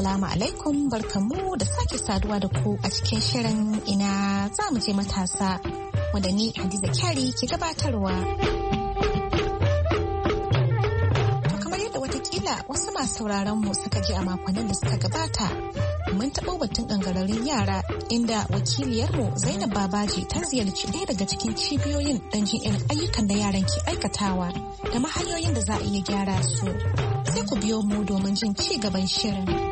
Assalamu alaikum barkamu da sake saduwa da ku a cikin shirin ina za mu je matasa wanda ni Hadiza Kyari ke gabatarwa. Kamar yadda watakila wasu masu sauraron mu suka ji a makonnin da suka gabata mun taɓo batun ƙangararrun yara inda wakiliyarmu Zainab Babaji ta ziyarci ɗaya daga cikin cibiyoyin ɗan jin ayyukan da yaran ke aikatawa da mahanyoyin da za a iya gyara su. Sai ku biyo mu domin jin ci gaban shirin.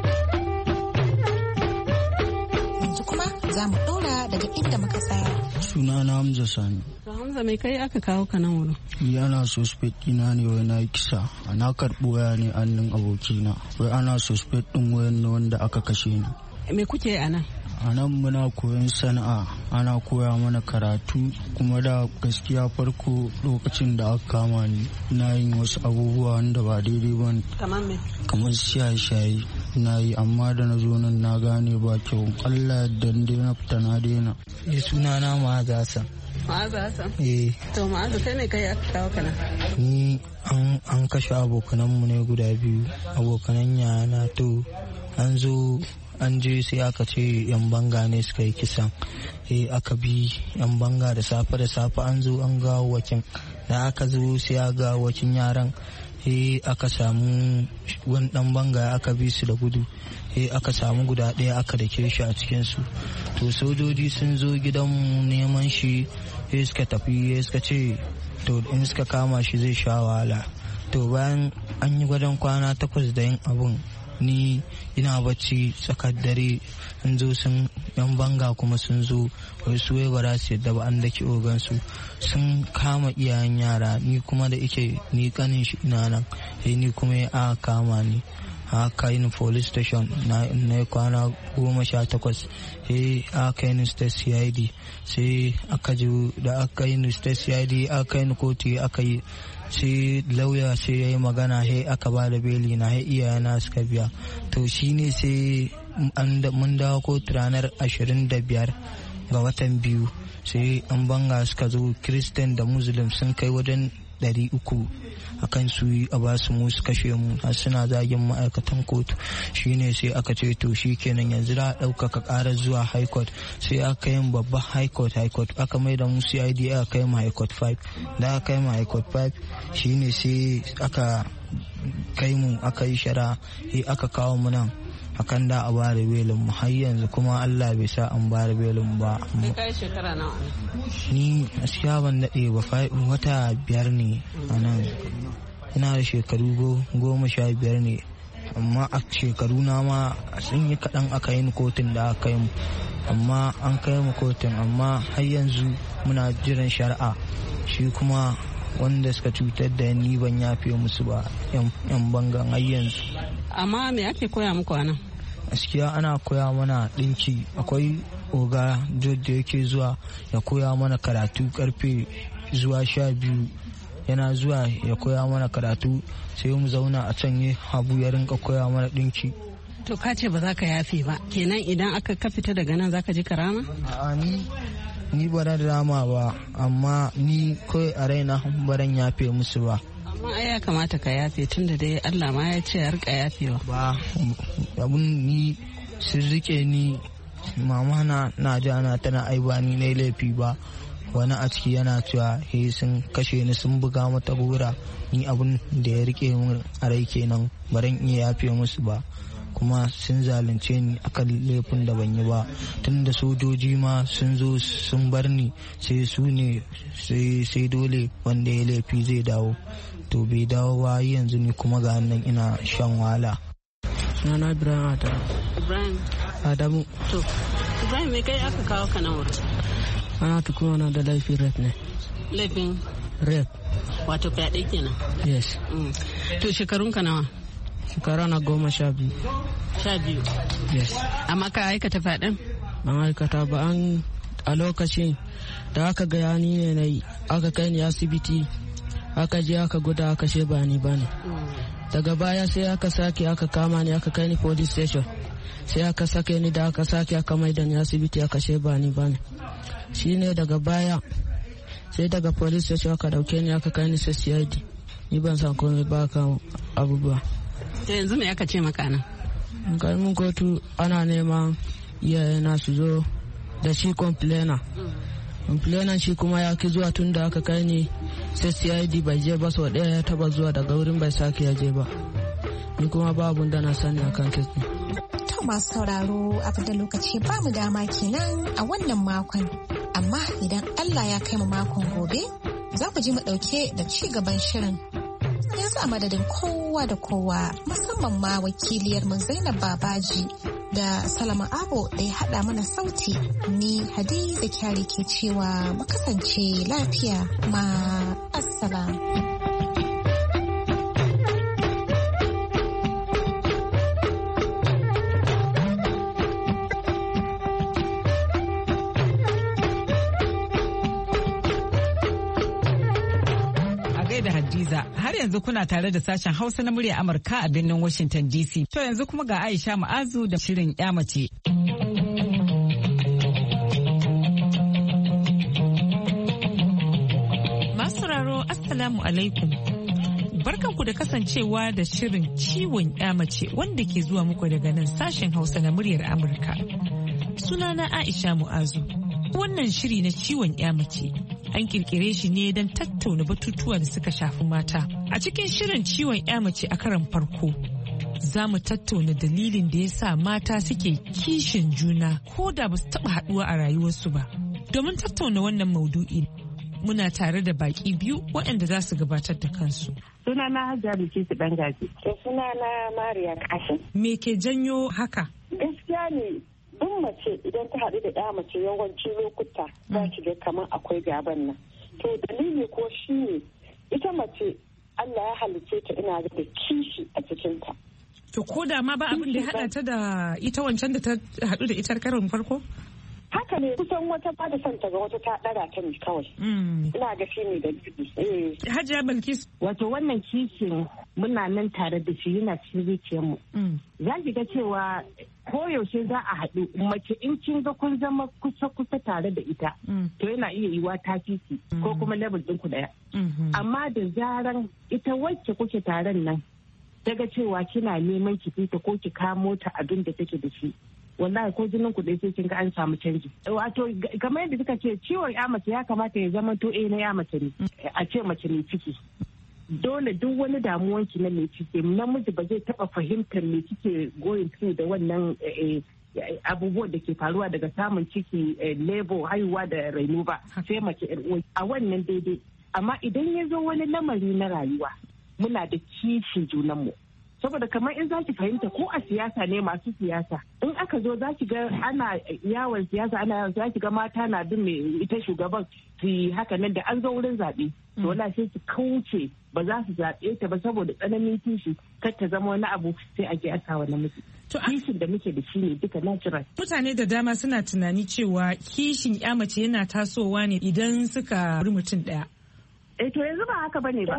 za mu ɗora daga inda muka tsaya. Suna na Hamza Sani. To Hamza mai kai aka kawo ka nan iya Yana suspect ina ne wai na kisa. Na karɓo waya ne annin abokina. Wai ana suspect ɗin wayan wanda aka kashe ni. Me kuke a nan? a nan muna koyon sana'a ana koya mana karatu kuma da gaskiya farko lokacin da aka kama ni na yin wasu abubuwa wanda ba daidai ba ne kamar shaye-shaye na yi amma da na zo nan na gane ba kyau allah da na fita na daina ya suna na ma'aza hasan ma'aza hasan eh to ma'aza kai ne kai aka wa kana ni an kashe abokanan mu ne guda biyu abokanan yana to an zo an je sai aka ce yan banga ne suka yi kisan eh aka bi yan banga da safe da safe an zo an ga wakin da aka zo sai a gawo wakin yaran e aka samu wani dan banga aka bi su da gudu e aka samu guda ɗaya aka dake shi a cikin su to sojoji sun zo mu neman shi ya suka tafi ya suka ce to in suka kama shi zai sha wahala to bayan an yi gwadon kwana takwas da yin abun ni ina bacci tsakar dare sun zo sun yan banga kuma sun zo wai su wai ba za su yadda ba an da ogan su sun kama iyayen yara ni kuma da ike ni kanin shi ina nan sai eh, ni kuma ya a kama ni a kainu police station na kwana goma sha takwas sai a kainu state cid sai aka ji da aka kainu state cid a kainu kotu aka yi sai lauya sai ya yi magana sai aka ba da beli na sai iyayena suka biya to shine sai mun dawo ko ranar 25 ga watan biyu sai an banga suka zo christian da muslim sun kai wajen dari uku a kan su a ba su mu su kashe mu a suna zagin ma'aikatan kotu shine sai aka ce to shi kenan yanzu za a ɗaukaka ƙara zuwa high court sai aka yin babban high court high court aka mai da mu cid aka kai mu high court 5 da aka kai mu high court 5 shine sai aka kai mu aka yi shara aka kawo mu nan akan da a bada belin mu har yanzu kuma Allah bai sa an belin ba kai ni gaskiya ban daɗe ba wata biyar ne a ina da shekaru goma sha biyar ne amma a shekaru na ma sun yi kaɗan aka yin kotun da aka yi amma an kai mu kotun amma har yanzu muna jiran shari'a shi kuma wanda suka cutar da ni ban yafe musu ba 'yan bangan har yanzu amma me ake koya muku a gaskiya ana koya mana ɗinki akwai oga da yake zuwa ya koya mana karatu karfe zuwa sha biyu yana zuwa ya koya mana karatu sai mu zauna a can yi habu ya rinka koya mana ɗinki to ka ce ba za ka yafe ba kenan idan aka ka fita daga nan za ka ji karama ni ni ba na drama ba amma ni kawai a raina baran yafe musu ba amma ai ya kamata ka yafe tun da dai Allah ma ya ce ya rika yafewa ba abun ni sun rike ni mama na na ji tana aiba ni nayi laifi ba wani a ciki yana cewa he sun kashe ni sun buga mata gora ni abun da ya rike min a rai kenan in iya yafe musu ba kuma sun zalunce ni akan laifin da ban yi ba tunda sojoji ma sun zo sun bar ni sai su ne sai dole wanda ya laifi zai dawo to bai dawo ba yanzu ni kuma ga nan ina shan wahala sunana ibrahim adamu ibrahim adamu to ibrahim me kai aka kawo ka nan ana tuku na da laifin red ne laifin red wato fyaɗe kenan yes mm. to shekarun ka nawa shekara na goma sha biyu sha biyu yes amma ka aikata faɗin an aikata ba an a lokacin da aka gaya ni ne na yi aka kai ni asibiti aka je aka guda aka she ba ni ba ne daga baya sai aka sake aka kama ni aka kai ni police station sai aka sake ni da aka sake aka mai da ni asibiti aka she ba ni ba ne shine daga baya sai daga police station aka dauke ni aka kai ni cid ni ban san komai ba kan abubuwa ta yanzu me aka ce makana garmin kotu ana neman yana su zo da shi complainer complainer shi kuma ya ki zuwa tun da aka kai ni sai cid bai je ba sau daya ya taba zuwa daga wurin bai sake ya je ba ni kuma babu da na sani akan kan to masu sauraro abu da lokaci ba mu dama kenan a wannan makon amma idan allah ya kai mu makon gobe za ku ji mu ɗauke da ci gaban shirin yanzu a madadin kowa da kowa musamman ma wakiliyar mu Zainab Babaji da Salama Abo da ya haɗa mana sauti ni Hadiza Kyari ke cewa mu kasance lafiya ma assalamu. yanzu kuna tare da sashen Hausa na murya Amurka a birnin Washington DC. To yanzu kuma ga Aisha Ma'azu da shirin mace. Masu raro Assalamu alaikum. barkanku da kasancewa da shirin ciwon mace wanda ke zuwa muku daga nan sashen hausa na muryar amurka sunana aisha mu'azu wannan shiri na ciwon mace an kirkire shi ne don tattauna batutuwa da suka shafi mata. A cikin shirin ciwon ya mace a karan farko, za mu tattauna dalilin da ya sa mata suke kishin juna ko da ba su taɓa haɗuwa a rayuwarsu ba. Domin tattauna wannan maudu'i muna tare da baƙi biyu waɗanda za su gabatar da kansu. Sunana Hajiya Bilkisu Ɗangaji. Sunana Mariya Kashin. Me ke janyo haka? Gaskiya ne mace idan ta haɗu da ɗa mace yawanci lokuta mm. za ki ga kamar akwai gaban nan to dalili ko shi ne ita mace Allah ya halice ta ina da kishi a cikinta to ko da ma ba abin da ya haɗa ta da ita wancan da ta haɗu da ita karin farko haka ne kusan wata ba da santa ga wata ta ɗara ta ne kawai mm. ina ga shi ne da bibi eh. hajiya balkis wato wannan kishin muna nan tare da shi yana cikin zuciyarmu mm. za ki ga cewa koyaushe za a haɗu mace in kin ga kun zama kusa-kusa tare da ita mm. to yana iya yiwa ta fiki ko mm. kuma level ɗin ku ɗaya mm-hmm. amma da zaran ita wacce kuke taron nan daga cewa kina neman ki fita ko ki kamo ta abin da take da shi wallahi ko jinin ku sai kin ga an samu canji wato kamar yadda kika ce ciwon ya mace ya kamata ya zama to eh na ya mace ne mm. a ce mace ne ciki dole duk wani damuwanki na mai cike namiji ba zai taba fahimtar me kike going through da wannan eh, eh, eh, abubuwan da ke faruwa daga samun ciki lebo haihuwa da raino ba sai mace a wannan daidai amma idan ya zo wani lamari na rayuwa muna da kishin junanmu saboda kamar in zaki fahimta ko a siyasa ne masu siyasa in aka zo zaki ga ana yawon siyasa ana yawon zaki ga mata na bin mai ita shugaban su haka nan da an zo wurin zaɓe to mm. wala sai su kauce ba za su zaɓe ta ba saboda tsananin kishi kar ta zama wani abu sai a je a sa wani miji kishin da muke da shi ne duka natural mutane da dama suna tunani cewa kishin ya mace yana tasowa ne idan suka mutum daya eh to yanzu ba haka bane ba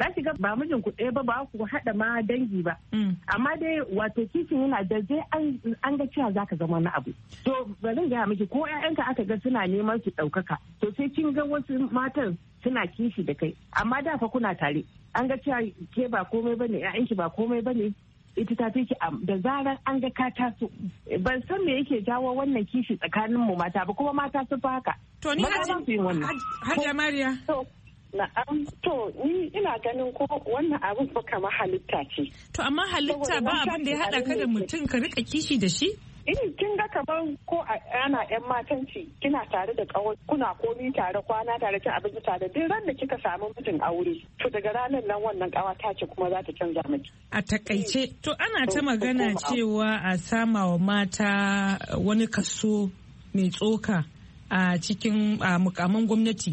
za ki ga ba mijin ku ɗaya ba ba ku haɗa ma dangi ba mm. amma dai wato kishin yana da dai an ga cewa za ka zama na abu to ba zan gaya miki ko 'ya'yanka aka ga suna neman su ɗaukaka to sai kin ga wasu matan suna kishi da kai amma da fa kuna tare an ga cewa ke ba komai bane 'ya'yanki ba komai bane ita ta fi da zarar an ga ka taso ban san me yake jawo wannan kishi tsakanin mu mata ba kuma mata sun fi haka to ni hajja mariya Na'am to ni ina ganin ko wannan abin ba kama halitta ce. To amma halitta ba abin da ya haɗa ka mutum ka rika kishi da shi? in eh, kin ga kamar ko ana yan matanci kina tare da kawai kuna komi tare kwana tare cin abinci tare duk ran da kika samu mijin aure to daga ranar nan wannan kawa ta ce kuma za ta canza miki a takaice eh. to ana ta magana cewa a sama wa mata wani kaso mai tsoka a cikin mukamman gwamnati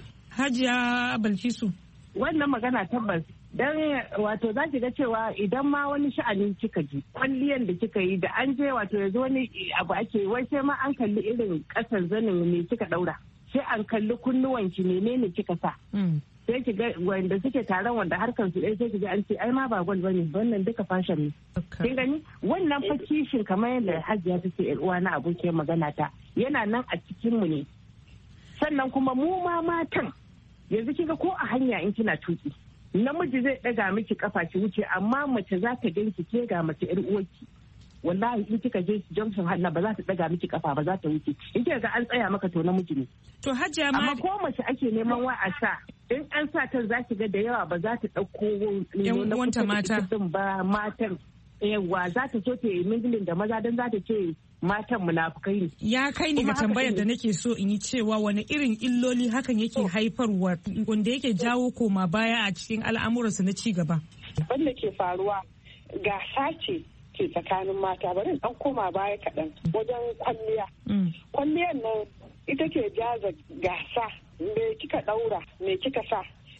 Hajiya Balkisu. Wannan magana tabbas dan wato za ga cewa idan ma wani sha'ani kika ji kwalliyan da kika yi da an je wato yanzu wani abu ake wai sai ma an kalli irin kasan zanin ne kika daura sai an kalli kunnuwan ki menene kika sa hmm. sai ki ga wanda suke taron wanda harkar su ɗaya sai ki ga an ce ai ma ba gwal bane wannan duka fashion ne kin gani wannan fa kamar yadda Hajiya ta ce uwa na abokiyar magana ta yana nan a cikin mu ne sannan kuma mu ma matan yanzu kika ko a hanya in kina tuki namiji zai daga miki kafa ki wuce amma mace za ta ganki ke ga mace yar uwarki wallahi in kika je junction Halla ba za ta daga miki kafa ba za ta wuce in kika ga an tsaya maka to namiji ne to hajjia ma amma ko mace ake neman wa a sa in an sa ta za ki ga da yawa ba za ta dauko wani mata ba matan yawa za ta so ta yi mingilin da maza don za ta ce matan munafukai ne. Ya kai ni ga tambayar da nake so in yi cewa wani irin illoli hakan yake oh. haifarwa wanda yake jawo koma baya a cikin al'amuransu na cigaba. gaba. Wanda ke faruwa gasa ce ke tsakanin mata bari dan koma baya kaɗan wajen kwalliya. Mm. Kwalliyar nan ita ke jaza gasa me kika ɗaura me kika sa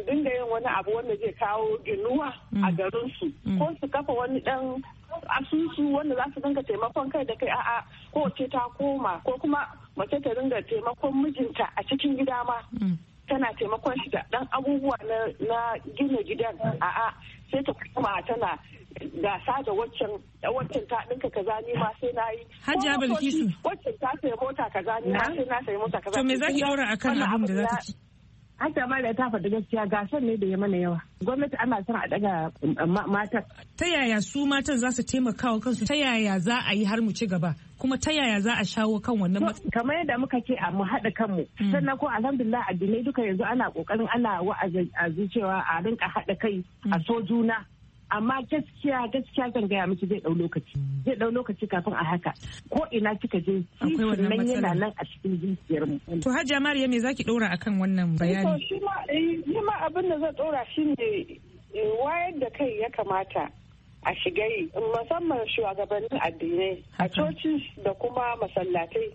su dinga yin wani abu wanda zai kawo ginuwa a mm. garinsu mm. ko su kafa wani dan asusu wanda za su dinga taimakon kai da kai a'a ko ce ta koma ko kuma mace ta dinga taimakon mijinta a cikin gida ma mm. tana taimakon shi da dan abubuwa na gina gidan a'a sai ta kuma tana gasa da waccan waccan ta dinka kaza ni ma sai na yi hajiya bilkisu waccan ta sai mota kaza ni ma sai na sai mota kaza to me zaki daura akan abin da za ta ci Hajja da ta faɗi gaskiya gasar ne da ya mana yawa. Gwamnati ana son a daga um, um, matan. Ta yaya su matan za su taimaka wa kansu? Ta yaya za a yi har mu ci gaba? Kuma ta yaya za a shawo kan wannan matsalar? Kamar yadda muka ce a mu haɗa kanmu. Mm. Sannan ko alhamdulillah addinai duka yanzu ana ƙoƙarin ana wa'azi zuciya a rinka haɗa kai a mm. so juna. amma gaskiya gaskiya zan gaya miki zai dau lokaci zai dau lokaci kafin a haka ko ina kika je cikin nan yana nan a cikin zuciyar mu to hajja mariya me zaki dora akan wannan eh, bayani to shi ma eh, shi ma abin da zan dora shine eh, wayar da kai ya kamata a shigayi musamman shugabannin addinai a coci da kuma masallatai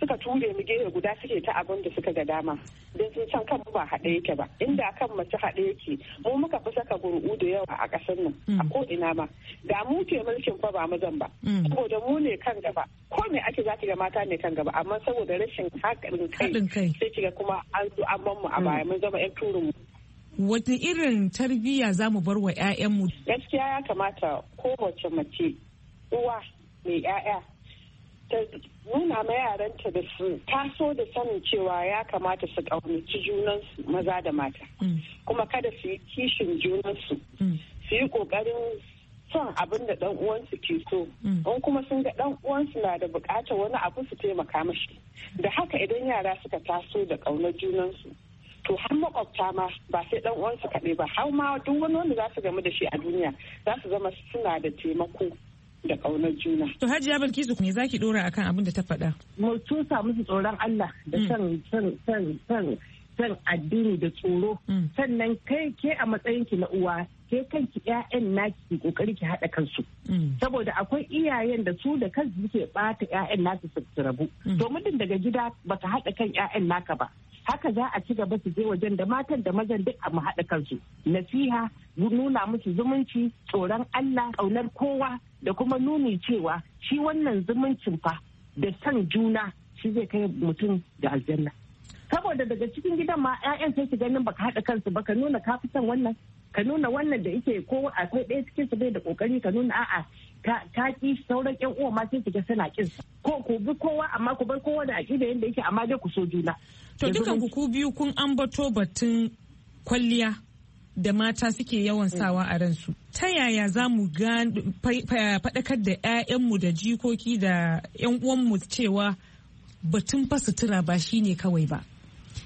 suka ture mu gefe guda suke ta abin da suka ga dama don sun san kanmu ba haɗe yake ba inda kan mace haɗe yake mu muka fi saka gurgu da yawa a ƙasar nan a mm. ko ina ma da mu ke mulkin fa ba mu zan ba mm. saboda mu ne kan gaba ko me ake za ki ga mata ne kan gaba amma saboda rashin haɗin kai sai ki ga kuma an zo an mu a baya mm. mun zama 'yan turin mu wata irin tarbiyya za mu bar wa mu. Gaskiya ya kamata kowace mace uwa mai 'ya'ya ta nuna ma yaranta da su taso da sanin cewa ya kamata su ƙaunaci junansu maza da mata mm. kuma kada su yi kishin junansu mm. su yi ƙoƙarin son abin da ɗan uwansu ke so mm. in kuma sun ga ɗan uwansu na da buƙatar wani abu su taimaka mashi da haka idan yara suka taso da ƙaunar junansu to har makwabta ma ba sai ɗan uwansu kaɗai ba har ma duk wani wanda za su gamu da shi a duniya za su zama suna da taimako da ƙaunar juna. To Hajiya Bilkisu me zaki dora akan abin da ta faɗa? Mu tusa musu tsoron Allah da mm. san san san san san addini da tsoro. Mm. Sannan kai ke a matsayin ki na uwa ke kanki ƴaƴan naki ki kokari ki haɗa kansu. Mm. Saboda akwai iyayen da su da kansu suke ɓata ƴaƴan nasu su rabu. To mutum daga gida baka haɗa kan ƴaƴan naka ba. haka za a ci gaba su je wajen da matan da mazan duk a mu haɗa kansu nasiha nuna musu zumunci tsoron Allah ƙaunar kowa da kuma nuni cewa shi wannan zumuncin fa da san juna shi zai kai mutum da aljanna saboda daga cikin gidan ma 'ya'yan sai su ganin baka haɗa kansu ba ka nuna ka fi wannan ka nuna wannan da yake ko akwai ɗaya cikin su bai da kokari ka nuna a'a ta ki sauran yan uwa ma sai kiga suna kin ko ku bi kowa amma ku bar kowa da akida yanda yake amma dai ku so juna to dukan ku ku biyu kun ambato batun kwalliya da mata suke yawan sawa a ransu ta yaya za mu faɗakar da 'ya'yanmu da jikoki da 'yan uwanmu cewa batun fasutura ba shine kawai ba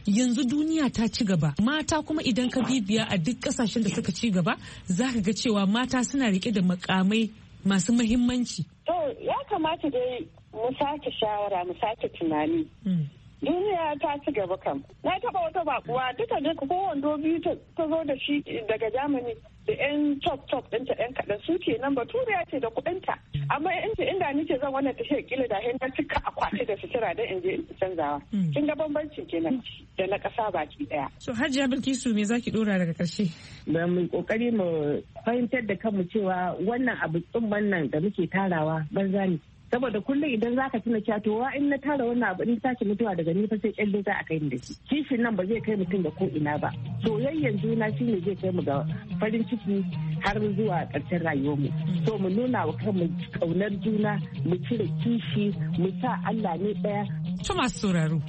yanzu duniya ta ci gaba mata kuma idan ka bibiya a duk kasashen da suka ci gaba za ka ga cewa mata suna rike da makamai masu muhimmanci? To ya kamata dai mu sake shawara mu sake tunani. Hmm. Duniya ta ci gaba kam. Na taba wata bakuwa duka duka ko wando biyu ta zo da shi daga jamani. da yan top top ɗinta yan kaɗan su ke nan baturiya ce da kuɗinta amma in ce inda ni ce zan wannan shi kila da na cika akwati da sutura don in je in canzawa hmm. kin ga bambanci kenan da na kasa baki ɗaya. so hajji abin kisu me zaki ɗora daga ƙarshe. ba mu kokari mu fahimtar da kanmu cewa wannan abu tsumman nan da muke tarawa banza ne saboda kullum idan za ka tuna cewa in na tara wannan abu in tashi mutuwa daga nifa sai kyalle za a kai ni da shi kishin nan ba zai kai mutum da ko ina ba soyayyen juna ne zai kai mu ga farin ciki har zuwa ƙarshen mu so mu nuna wa kanmu kaunar juna mu cire kishi mu sa Allah ne ɗaya. To masu sauraro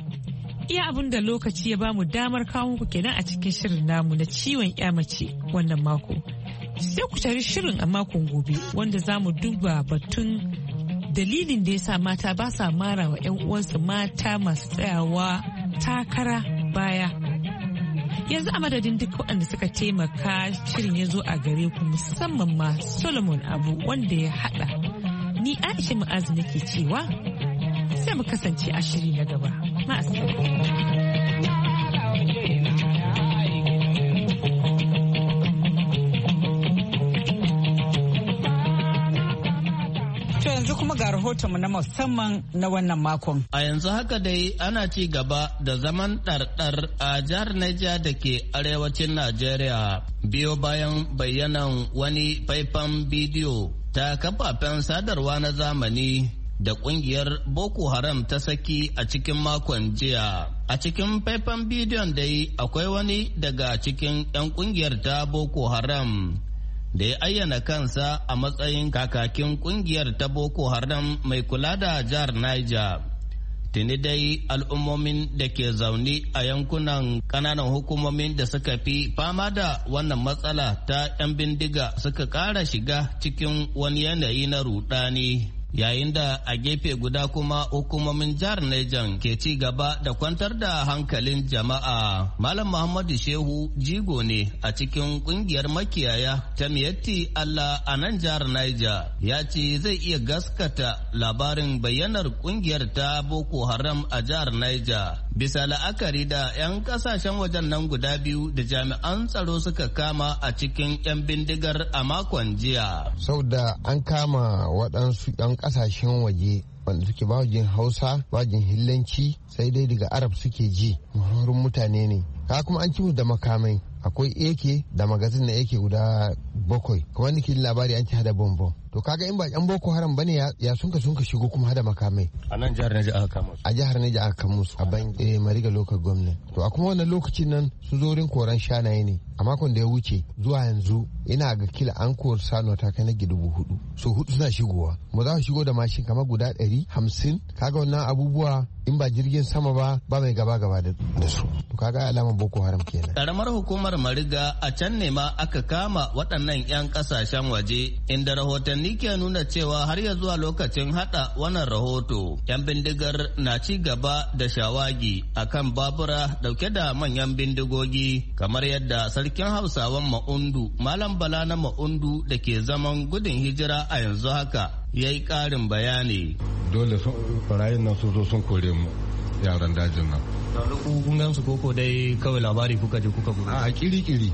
Iya abin da lokaci ya bamu damar kawo ku kenan a cikin shirin namu na ciwon mace wannan mako. Sai ku tari shirin a makon gobe wanda za mu duba batun dalilin da ya sa mata ba sa mara wa 'yan uwansu mata masu tsayawa takara baya yanzu a madadin duk waɗanda suka taimaka shirin ya zo a gare ku musamman ma solomon abu wanda ya haɗa ni aisha ma'azu nake cewa sai mu kasance a shiri na gaba ma'asar kuma ga rahotonmu na musamman na wannan makon. A yanzu haka dai ana ci gaba da zaman ɗarɗar a jihar Niger da ke arewacin Najeriya biyo bayan bayyanan wani faifan bidiyo ta kafafen sadarwa na zamani da ƙungiyar Boko Haram ta saki a cikin makon jiya. A cikin faifan bidiyon dai akwai wani daga cikin 'yan ƙungiyar ta Boko Haram da ya ayyana kansa a matsayin kakakin kungiyar ta boko haram mai kula da jihar niger tuni dai al'ummomin da ke zaune a yankunan kananan hukumomin da suka fi fama da wannan matsala ta 'yan bindiga suka ƙara shiga cikin wani yanayi na rudani yayin da a gefe guda kuma hukumomin jihar Niger ke ci gaba da kwantar da hankalin jama'a. Malam Muhammadu Shehu jigo ne a cikin kungiyar makiyaya ta Miyatti Allah a nan jihar Niger ya ce zai iya gaskata labarin bayyanar kungiyar ta Boko Haram a jihar Niger. Bisa la'akari da 'yan kasashen wajen nan guda biyu da jami'an tsaro suka kama a cikin 'yan bindigar a makon jiya. Sau da an kama waɗansu 'yan kasashen waje wanda suke bajin hausa ba bajin hillanci sai dai daga arab suke ji muhurin mutane ne ka kuma an ci da makamai akwai eke da magazin na ake guda bakwai kamar nake labari an ci hada bombom to kaga in ba yan boko haram bane ya sunka sunka shigo kuma hada makamai a nan jihar Niger aka kama a jihar Niger aka kama su a ban eh Mariga local government to a kuma wannan lokacin nan su zorin koran shanaye ne a makon da ya wuce zuwa yanzu ina ga kila an kowar sano ta kai na dubu hudu so hudu suna shigowa mu za su shigo da mashin kamar guda ɗari hamsin kaga wannan abubuwa in ba jirgin sama ba ba mai gaba gaba da su to kaga alamar boko haram kenan karamar hukumar mariga a can ne ma aka kama waɗannan waɗannan 'yan ƙasashen waje inda rahotanni ke nuna cewa har ya zuwa lokacin haɗa wannan rahoto 'yan bindigar na ci gaba da shawagi akan babura dauke da manyan bindigogi kamar yadda sarkin hausawan ma'undu malam bala na ma'undu da ke zaman gudun hijira a yanzu haka ya yi ƙarin bayani dole farayin nan sun sun kore mu yaran dajin nan. Kun su koko dai kawai labari kuka je kuka gudu. A kiri kiri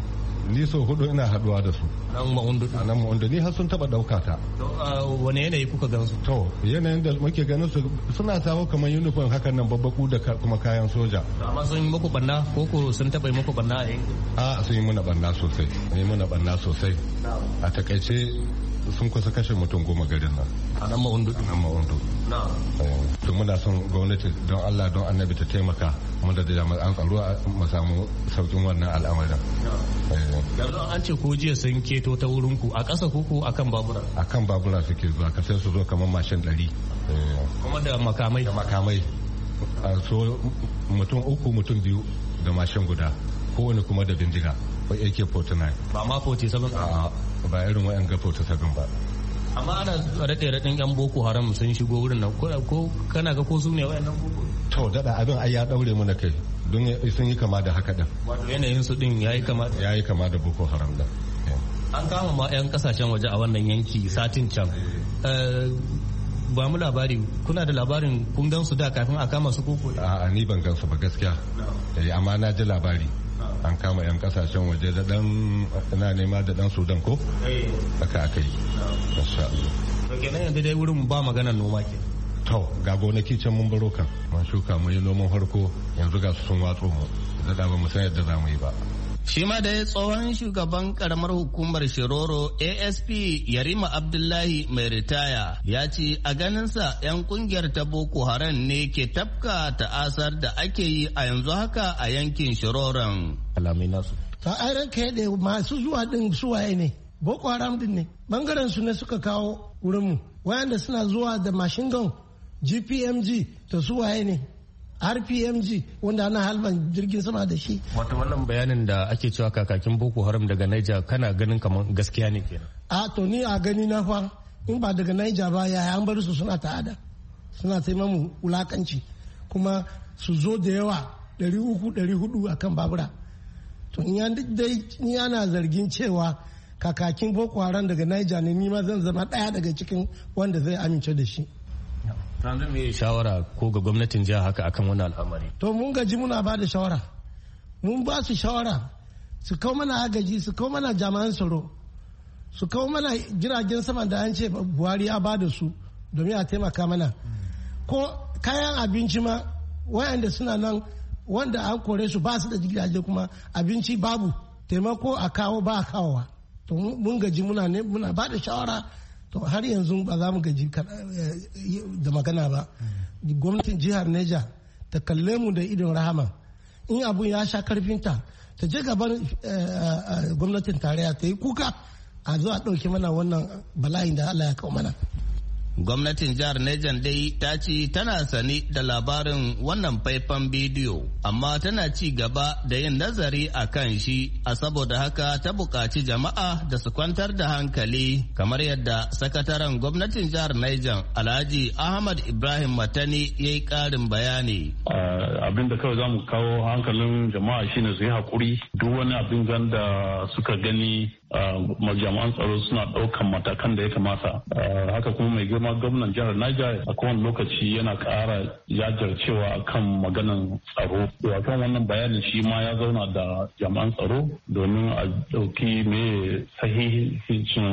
ni so hudu ina haduwa da su nan ma'undu nan ma'undu ni har sun taba dauka ta wani yanayi kuka gan su to yanayin da muke ganin su suna sawo kamar uniform hakan nan babbaku da kuma kayan soja amma sun yi muku banna ko ku sun taba yi muku banna a sun yi muna banna sosai sun yi muna banna sosai a takaice sun kusa kashe mutum goma garin nan nan ma'undu nan ma'undu eh, to muna son gwamnati don allah don annabi ta taimaka Mun da jami'an tsaro mu samu saukin wannan al'amarin eh. yanzu an ce ko jiya sun keto ta wurin ku a ƙasa koko akan babura akan babura suke zuwa ka sai su zo kamar mashin ɗari eh. kuma da makamai da makamai so mutum uku mutum biyu da mashin guda kowane kuma da bindiga AK-49 ba ma 47 ba irin wayan ga 47 ba amma ana raɗe raɗin yan boko haram sun shigo wurin nan ko kana ga ko su ne wayan boko to dada abin ai ya daure mana kai don sun yi kama da haka din wato yanayin su din yayi kama yayi kama da boko haram da an kama ma yan kasashen waje a wannan yanki satin can eh. Eh, ba mu labari kuna da labarin kun gan su da kafin a kama su koko a ni ban gan su ba gaskiya eh, amma na ji labari an kama 'yan kasashen waje da dan na nema da dan sudan ko eh. aka aka yi kenan yanzu dai wurin ba maganar noma ke to ga gonaki can mun baro kan mun shuka mun yi noman farko yanzu ga su sun watso mu da ba mu san yadda za mu yi ba Shi ma da tsohon shugaban karamar hukumar Shiroro ASP Yarima Abdullahi mai ritaya ya ce a ganinsa 'yan kungiyar ta Boko Haram ne ke tafka asar da ake yi a yanzu haka a yankin Shiroron. Alamai Ta airan kai da masu zuwa din suwaye ne. Boko Haram din ne. Bangaren su ne suka kawo wurinmu. Wayanda suna zuwa da mashin gun GPMG su suwaye ne. rpmg wanda ana halban jirgin sama da shi wato wannan bayanin da ake cewa kakakin boko haram daga naija kana ganin kamar gaskiya ne kenan a to ni a gani na fa in ba daga naija ba ya an bar su suna ta'ada suna sai mamu wulakanci kuma su zo da yawa 300-400 a kan babura to ni ana zargin cewa kakakin boko haram daga naija ne ma zan zama daya daga cikin wanda zai amince da shi yanzu me shawara ko ga gwamnatin jiha haka akan wani al'amari to mun gaji muna ba shawara mun ba su shawara su kawo mana agaji su kawo mana jami'an tsaro su kawo mana jiragen saman da an ce buhari ya ba da su domin a taimaka mana ko kayan abinci ma wayanda suna nan wanda an kore su ba su da gidaje kuma abinci babu taimako a kawo ba a kawowa to mun gaji muna ne muna ba da shawara to har yanzu ba za mu gaji eh, da magana ba gwamnatin jihar neja ta kalle mu da idon rahama in abu ya sha karfinta ta je gaban eh, eh, gwamnatin tarayya ta yi kuka a zo a ɗauki mana wannan bala'in da allah ya kawo mana Gwamnatin jihar Niger dai ta ce tana sani da labarin wannan faifan bidiyo, amma tana ci gaba da yin nazari a kan shi, a saboda haka ta bukaci jama'a da su kwantar da hankali, kamar yadda sakataren gwamnatin jihar nejan Alhaji Ahmad Ibrahim Matani ya yi ƙarin bayani. Abin da kawai za kawo hankalin jama'a shine su yi hakuri duk wani abin da suka gani Uh, jami'an tsaro suna ɗaukan matakan da ya kamata uh, haka kuma mai girma gwamnan jihar niger a kowane lokaci yana ƙara jajircewa kan maganan tsaro kan wannan bayani shi ma ya zauna da jami'an tsaro domin a ɗauki me sahihin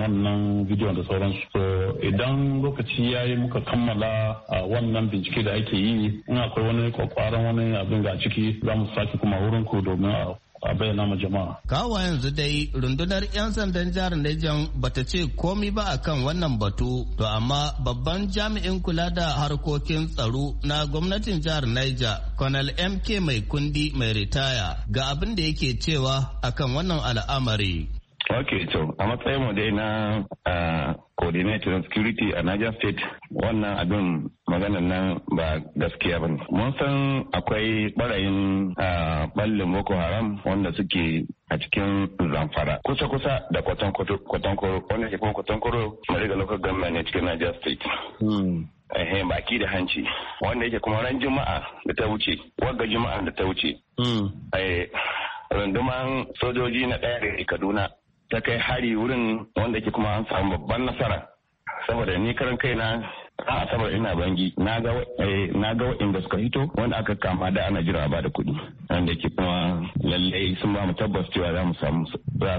wannan bidiyon da sauransu so idan lokaci ya yi muka kammala a uh, wannan bincike da ake yi in akwai wani kwakwaran wani abin ga ciki za mu sake kuma wurin ku domin a a bayyana ma jama'a. Kawo yanzu dai rundunar 'yan sandan jihar ba ta ce komi ba akan wannan batu, to amma babban jami'in kula da harkokin tsaro na gwamnatin jihar Niger, Colonel MK mai kundi mai ritaya ga abin da yake cewa akan wannan al'amari. Ok, to, a matsayin mu dai na ah, coordinator security a Niger State wannan abin maganan nan ba gaskiya ba ne. Mun san akwai barayin ɓallin Boko Haram wanda suke a cikin zamfara kusa-kusa da kwatankoro wanda ke kuma kwatankoro mariga local government ne cikin Niger state. Hmm. Ehe baki da hanci wanda yake kuma ran juma'a da ta wuce wagga juma'a da ta wuce. Hmm. Eh, runduman sojoji na ɗaya da Kaduna ta kai hari wurin wanda ke kuma an samu babban nasara saboda ni karan kaina a asabar ina bangi na ga eh, waɗanda suka hito wanda aka kama da ana jira ba da kuɗi wanda ke kuma lallai sun ba mu tabbas cewa za mu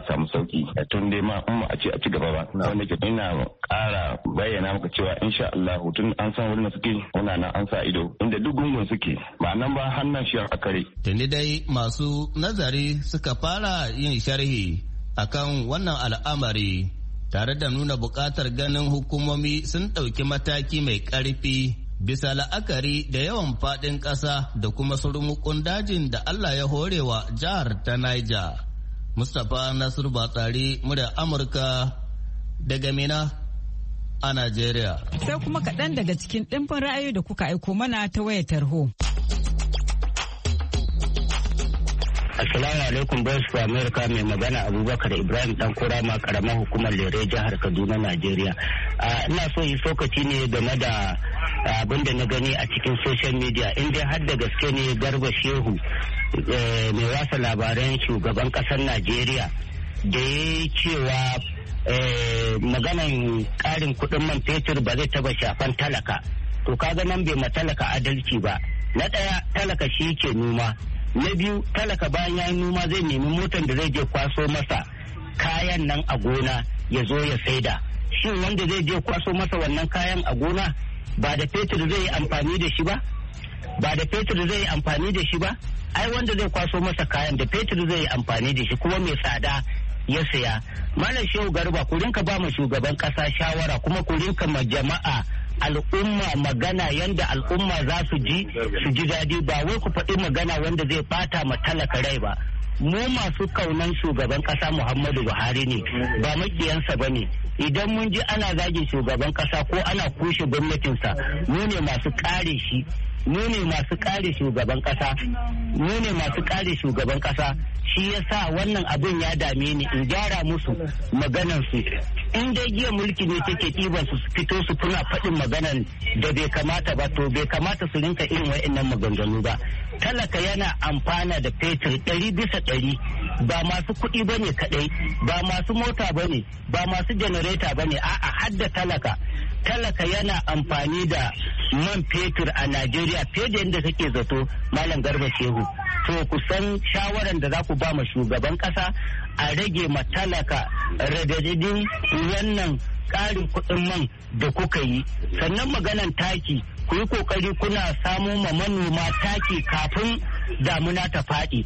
samu sauki tun dai ma in a ce a ci gaba ba wanda ke ina ƙara bayyana maka cewa insha Allah tun an san wurin suke muna nan an sa ido inda duk gungun suke ba nan ba hannun shi a kare tuni dai masu nazari suka fara yin sharhi akan wannan al'amari tare da nuna bukatar ganin hukumomi sun ɗauki mataki mai ƙarfi bisa la'akari da yawan faɗin ƙasa da kuma surmukun dajin da Allah ya hore wa jihar ta Niger. Mustapha Nasir Batsari murya Amurka daga Mina a Najeriya. Sai kuma kaɗan daga cikin ɗimfin ra'ayoyi da kuka aiko mana ta wayar tarho. Assalamu alaikum Voice of America mai magana Abubakar Ibrahim dan ma karamar hukumar Lere jihar Kaduna Najeriya. Ah, ina so yi sokaci ne game da ah, abin da na gani a cikin social media in dai har da gaske ne Garba Shehu eh, mai wasa labaran shugaban kasar Najeriya da ya cewa eh, maganan karin kudin man fetur ba zai taba shafan talaka. To kaga nan bai ma talaka adalci ba. Na ɗaya talaka shi ke noma na biyu talaka bayan ya yi noma zai nemi motar da zai je kwaso masa kayan nan a gona ya zo ya saida shin wanda zai je kwaso masa wannan kayan a gona ba da fetur zai yi amfani da shi ba ba da fetur zai yi amfani da shi ba ai wanda zai kwaso masa kayan da fetur zai yi amfani da shi kuma mai tsada ya saya malam shehu garba ku rinka ba mu shugaban kasa shawara kuma ku rinka ma jama'a al'umma magana yanda al'umma za su ji su ji daɗi ba wai ku faɗi magana wanda zai bata ma talaka rai ba mu masu kaunan shugaban ƙasa Muhammadu Buhari ne ba makiyansa ba ne idan mun ji ana zagin shugaban ƙasa ko ana kushe gwamnatinsa mu ne masu kare shi mu ne masu kare shugaban kasa mu masu kare shugaban kasa shi yasa wannan abin ya dame ni in gyara musu maganan su in dai giya mulki ne take ɗiban su fito su kuna faɗin maganan da bai kamata ba to bai kamata su rinka irin wa'annan maganganu ba talaka yana amfana da fetur ɗari bisa ɗari ba masu kuɗi ba ne kaɗai ba masu mota ba ba masu janareta bane ne a'a hadda talaka talaka yana amfani da man fetur a Najeriya fiye da yadda kake zato Malam Garba Shehu. To ku san shawaran da za ku ba ma shugaban kasa a rage matalaka radadadin wannan ƙarin kuɗin man da kuka yi. Sannan maganan taki ku yi kokari kuna samu ma manoma taki kafin damuna ta faɗi.